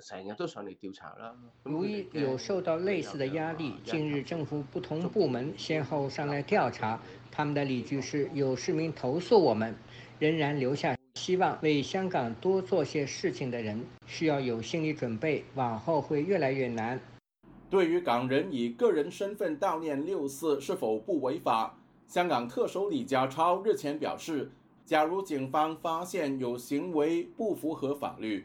成日都上嚟調查啦。如有受到類似的壓力，近、嗯、日政府不同部門先後上來調查，他們的理據是有市民投訴，我們仍然留下希望，為香港多做些事情的人需要有心理準備，往後會越來越難。對於港人以個人身份悼念六四是否不違法，香港特首李家超日前表示，假如警方發現有行為不符合法律。